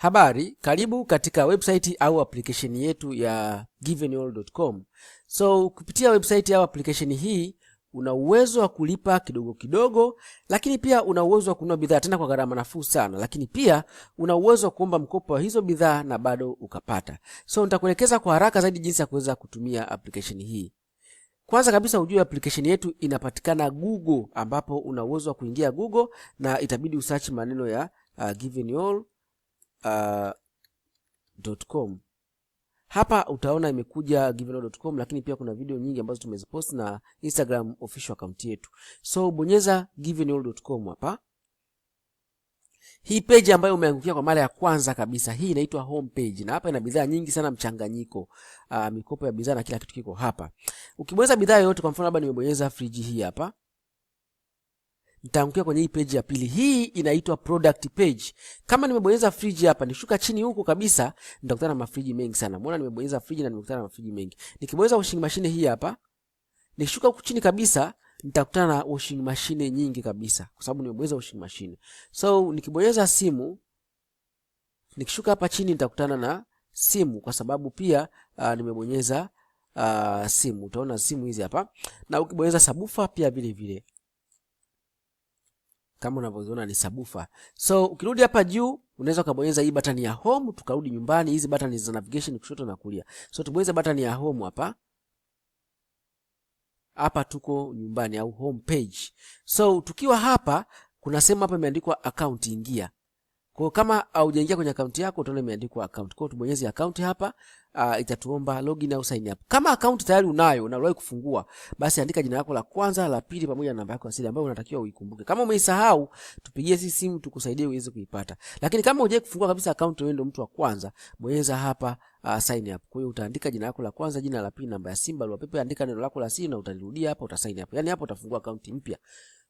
Habari, karibu katika website au application yetu ya givenall.com. So kupitia website au application hii una uwezo wa kulipa kidogo kidogo, lakini pia una uwezo wa kununua bidhaa tena kwa gharama nafuu sana, lakini pia una uwezo wa kuomba mkopo wa hizo bidhaa na bado ukapata. So nitakuelekeza kwa haraka zaidi jinsi ya kuweza kutumia application hii. Kwanza kabisa ujue application yetu inapatikana Google, ambapo una uwezo wa kuingia Google na itabidi usearch maneno ya uh, Givenall uh, .com. Hapa utaona imekuja givenall.com, lakini pia kuna video nyingi ambazo tumezipost na Instagram official account yetu. So bonyeza givenall.com hapa, hii page ambayo umeangukia kwa mara ya kwanza kabisa, hii inaitwa home page, na hapa ina bidhaa nyingi sana mchanganyiko, uh, mikopo ya bidhaa na kila kitu kiko hapa. Ukibonyeza bidhaa yoyote, kwa mfano labda nimebonyeza friji hii hapa nitaangukia kwenye hii page ya pili. Hii inaitwa product page. Kama nimebonyeza friji hapa, nishuka chini huko kabisa, nitakutana na mafriji mengi sana. Mbona nimebonyeza friji na nimekutana na mafriji mengi. Nikibonyeza washing machine hii hapa, nishuka huko chini kabisa, nitakutana na washing machine nyingi kabisa, kwa sababu nimebonyeza washing machine. So nikibonyeza simu, nikishuka hapa chini, nitakutana na simu, kwa sababu pia uh, nimebonyeza uh, simu. Utaona simu hizi hapa, na ukibonyeza sabufa pia vile vile kama unavyoziona ni sabufa. So ukirudi hapa juu unaweza ukabonyeza hii button ya home, tukarudi nyumbani. Hizi button za navigation kushoto na kulia, so tubonyeze button ya home hapa hapa, tuko nyumbani au home page. So tukiwa hapa, kuna sehemu hapa imeandikwa account, ingia. Kwa kama haujaingia kwenye akaunti yako utaona imeandikwa account. Kwa hiyo tubonyeze account hapa, uh, itatuomba login au sign up. Kama account tayari unayo na uliwahi kufungua, basi andika jina lako la kwanza, la pili pamoja na namba yako ya siri ambayo unatakiwa uikumbuke. Kama umeisahau, tupigie sisi simu tukusaidie uweze kuipata. Lakini kama hujawahi kufungua kabisa account, wewe ndio mtu wa kwanza, bonyeza hapa uh, sign up. Kwa hiyo utaandika jina lako la kwanza, jina la pili, namba ya simu, barua pepe, andika neno lako la siri na utarudia hapa, utasign up. Yaani hapo utafungua account mpya.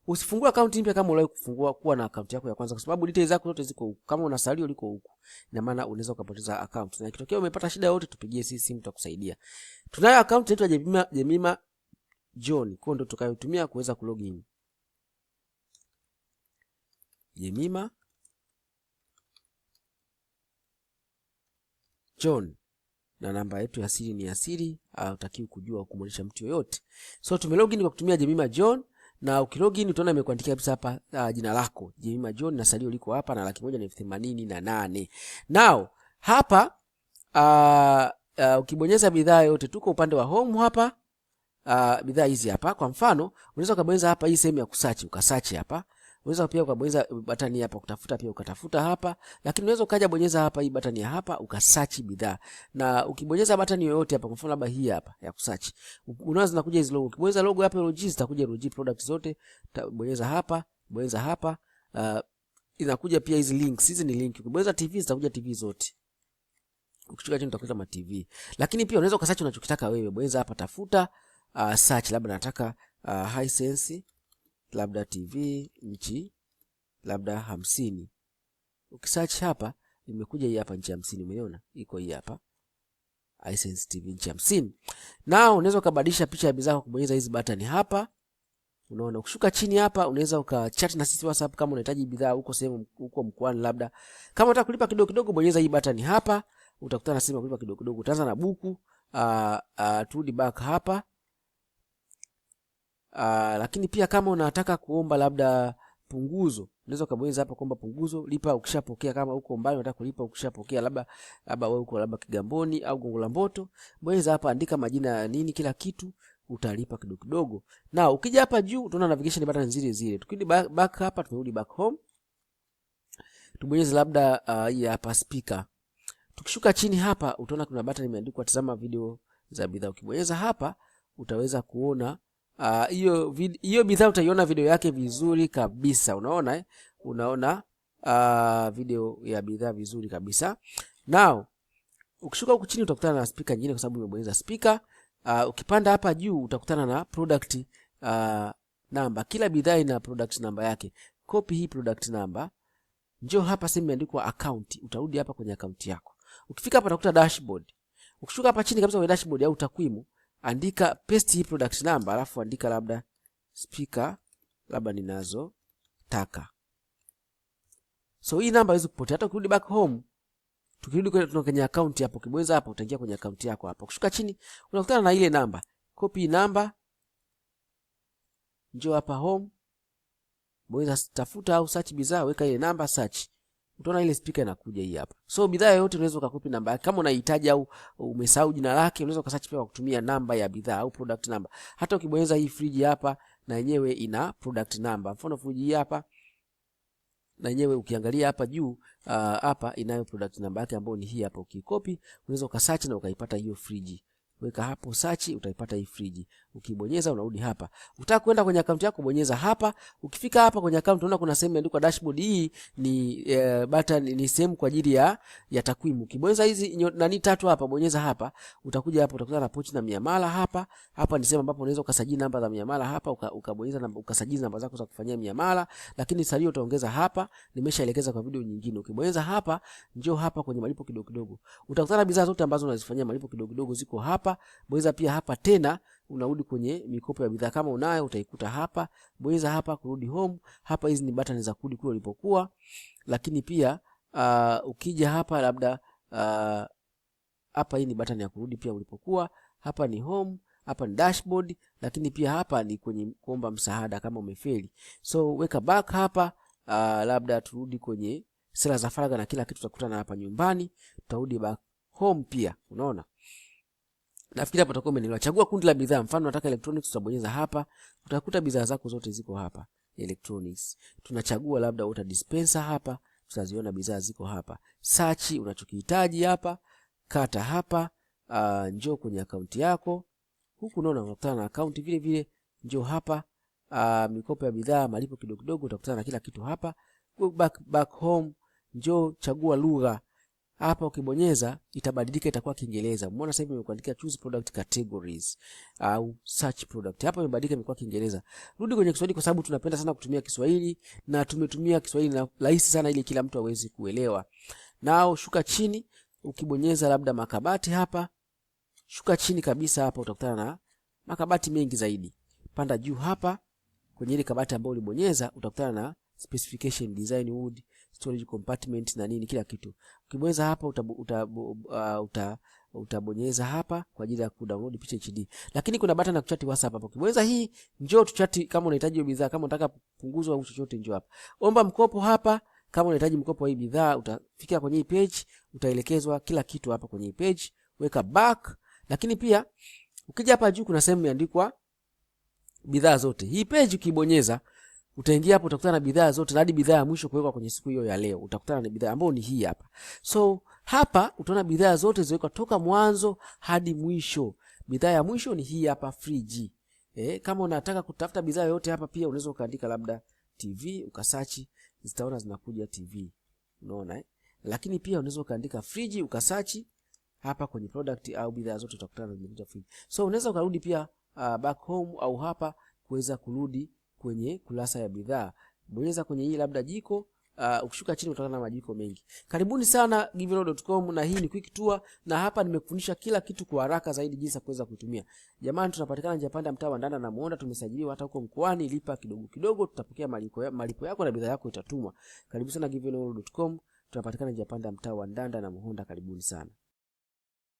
Usifungue akaunti mpya kama uliwahi kufungua kuwa na akaunti yako ya kwanza, kwa sababu details zako zote ziko huko. Kama una salio liko huko, ina maana unaweza ukapoteza akaunti, na ikitokea umepata shida yote, tupigie sisi simu, tutakusaidia. Tunayo akaunti yetu ya Jemima, Jemima John, kwa ndo tukayotumia kuweza kulogin Jemima John na namba yetu ya siri ni asiri, hatakiwi kujua kumwonyesha mtu yoyote. So tumelogin kwa kutumia Jemima John na ukilogin utaona imekuandikia kabisa hapa uh, jina lako Jemima John na salio liko hapa na laki moja na elfu themanini na nane. Now hapa uh, uh, ukibonyeza bidhaa yote, tuko upande wa home hapa uh, bidhaa hizi hapa, kwa mfano unaweza ukabonyeza hapa hii sehemu ya kusachi ukasachi hapa Unaweza pia ukabonyeza eh, batani hapa kutafuta, pia ukatafuta hapa, lakini unaweza ukaja bonyeza hapa hii batani hapa ukasearch bidhaa. Na ukibonyeza batani yoyote hapa, kwa mfano labda hii hapa ya kusearch, unaweza zinakuja hizo logo. Ukibonyeza logo hapa LG zitakuja LG products zote. Bonyeza hapa, bonyeza hapa, uh, inakuja pia hizi links. Hizi ni link. Ukibonyeza TV zitakuja TV zote. ukichukua chini utakuta ma TV. Lakini pia unaweza ukasearch unachokitaka wewe. Bonyeza hapa tafuta, uh, search labda nataka uh, Hisense labda TV nchi labda hamsini. Ukisearch hapa imekuja hii hapa nchi hamsini, umeona iko hii hapa Hisense TV nchi hamsini. Na unaweza ukabadilisha picha ya bidhaa kwa kubonyeza hizi button hapa. Unaona, ukishuka chini hapa unaweza ukachat na sisi WhatsApp kama unahitaji bidhaa huko sehemu huko mkoani, labda kama unataka kulipa kidogo kidogo, bonyeza hii button hapa, utakutana na sehemu ya kulipa kidogo kidogo. Utaanza na buku uh, uh, turudi back hapa Uh, lakini pia kama unataka kuomba labda punguzo unaweza ukabonyeza hapa kwamba punguzo lipa ukishapokea. Kama uko mbali unataka kulipa ukishapokea, labda labda wewe uko labda Kigamboni au Gongo la Mboto, bonyeza hapa, andika majina ya nini, kila kitu utalipa kidogo kidogo. Na ukija hapa juu tunaona navigation button zile zile. Tukirudi back, back hapa, tunarudi back home, tubonyeze labda ah, hii uh, hapa speaker. Tukishuka chini hapa utaona kuna button imeandikwa tazama video za bidhaa. Ukibonyeza hapa utaweza kuona Ah, hiyo uh, hiyo bidhaa utaiona video yake vizuri kabisa. Unaona eh? Unaona uh, video ya bidhaa vizuri kabisa. Now ukishuka huku chini utakutana na speaker nyingine kwa sababu nimebonyeza speaker. Uh, ukipanda hapa juu utakutana na product uh, namba Kila bidhaa ina product namba yake. Copy hii product namba Njoo hapa sehemu imeandikwa account, utarudi hapa kwenye account yako. Ukifika hapa utakuta dashboard. Ukishuka hapa chini kabisa kwenye dashboard au takwimu andika paste hii product number, alafu andika labda speaker labda ninazo taka. So hii namba hizo kupotea. Hata ukirudi back home, tukirudi kwenye account hapo, kibweza hapo utaingia kwenye account yako hapo. Kushuka chini unakutana na ile namba, copy namba, njoo hapa home, bonyeza tafuta au search bidhaa, weka ile namba search utaona ile speaker inakuja hii hapa. So bidhaa yoyote unaweza ukakopi namba yake kama unahitaji, au umesahau jina lake, unaweza ukasearch pia kwa kutumia namba ya bidhaa au product number. Hata ukibonyeza hii friji hapa, na yenyewe ina product number. Mfano friji hii hapa na yenyewe ukiangalia hapa juu ah, hapa uh, inayo product namba yake ambayo ni hii hapa. Ukikopi unaweza ukasearch na ukaipata hiyo friji weka hapo search, utaipata hii friji. Ukibonyeza unarudi hapa. Utaka kwenda kwenye akaunti yako, bonyeza hapa. Ukifika hapa kwenye akaunti, unaona kuna sehemu imeandikwa dashboard. Hii ni e, button ni sehemu kwa ajili ya ya takwimu. Ukibonyeza hizi nani tatu hapa, bonyeza hapa, utakuja hapa, utakutana na pochi na miamala hapa. Hapa ni sehemu ambapo unaweza ukasajili namba za miamala hapa, ukabonyeza namba ukasajili namba zako za kufanyia miamala, lakini salio utaongeza hapa, nimeshaelekeza kwa video nyingine. Ukibonyeza hapa, njoo hapa kwenye malipo kidogo kidogo, utakutana bidhaa zote ambazo unazifanyia malipo kidogo kidogo ziko hapa hapa, bonyeza pia hapa tena unarudi kwenye mikopo ya bidhaa kama unayo utaikuta hapa, bonyeza hapa kurudi home. Hapa hizi ni button za kurudi kule ulipokuwa, lakini pia uh, ukija hapa labda uh, hapa hii ni button ya kurudi pia ulipokuwa. Hapa ni home, hapa ni dashboard, lakini pia hapa ni kwenye kuomba msaada kama umefeli. So weka back hapa uh, labda turudi kwenye sera za faragha na kila kitu tutakutana hapa nyumbani, tutarudi back home pia, unaona nafikiri hapo utakuwa umeelewa. Chagua kundi la bidhaa, mfano nataka electronics, utabonyeza hapa, utakuta bidhaa zako zote ziko hapa electronics. Tunachagua labda water dispenser hapa, tutaziona bidhaa ziko hapa. Search unachokihitaji hapa, kata hapa, uh, njoo kwenye akaunti yako huku, unaona unakutana na akaunti vile vile, njoo hapa uh, mikopo ya bidhaa, malipo kidogo kidogo, utakutana na kila kitu hapa. Go back, back home, njoo chagua lugha hapa ukibonyeza itabadilika, itakuwa Kiingereza. Umeona sasa hivi imekuandikia choose product categories au search product. Hapa imebadilika imekuwa Kiingereza. Rudi kwenye Kiswahili kwa sababu tunapenda sana kutumia Kiswahili na tumetumia Kiswahili na rahisi sana ili kila mtu aweze kuelewa. Nao shuka chini ukibonyeza labda makabati hapa, shuka chini kabisa hapa utakutana na makabati mengi zaidi. Panda juu hapa kwenye ile kabati ambayo ulibonyeza utakutana na specification, design, wood storage compartment na nini, kila kitu. Ukibonyeza hapa utabonyeza utabu, uh, uta, uta hapa kwa ajili ya kudownload picha HD. Lakini kuna button ya kuchati WhatsApp hapa. Ukibonyeza hii, njoo tuchati kama unahitaji bidhaa, kama unataka punguzo au chochote njoo hapa. Omba mkopo hapa kama unahitaji mkopo wa hii bidhaa, utafika kwenye hii page, utaelekezwa kila kitu hapa kwenye hii page. Weka back, lakini pia ukija hapa juu kuna sehemu imeandikwa bidhaa zote. Hii page ukibonyeza Utaingia hapo utakutana na bidhaa zote hadi bidhaa ya mwisho kuwekwa kwenye siku hiyo ya leo, utakutana na bidhaa ambayo ni hii hapa. So hapa utaona bidhaa zote zilizowekwa toka mwanzo hadi mwisho. Bidhaa ya mwisho ni hii hapa friji. Eh, kama unataka kutafuta bidhaa yoyote hapa pia unaweza ukaandika labda TV ukasearch zitaona zinakuja TV. Unaona eh? Lakini pia unaweza ukaandika friji ukasachi hapa kwenye product au bidhaa zote utakutana na friji. So unaweza ukarudi pia uh, back home au hapa kuweza kurudi kwenye kurasa ya bidhaa. Bonyeza kwenye hii labda jiko Uh, ukishuka chini utaona na majiko mengi. Karibuni sana givenall.com na hii ni quick tour na hapa nimekufundisha kila kitu kwa haraka zaidi jinsi ya kuweza kutumia. Jamani, tunapatikana njia panda mtaa wa Ndanda na Muonda, tumesajiliwa hata huko mkoani, lipa kidogo kidogo, tutapokea malipo yako na bidhaa yako itatumwa. Karibu sana givenall.com, tunapatikana njia panda mtaa wa Ndanda na Muonda, karibuni sana.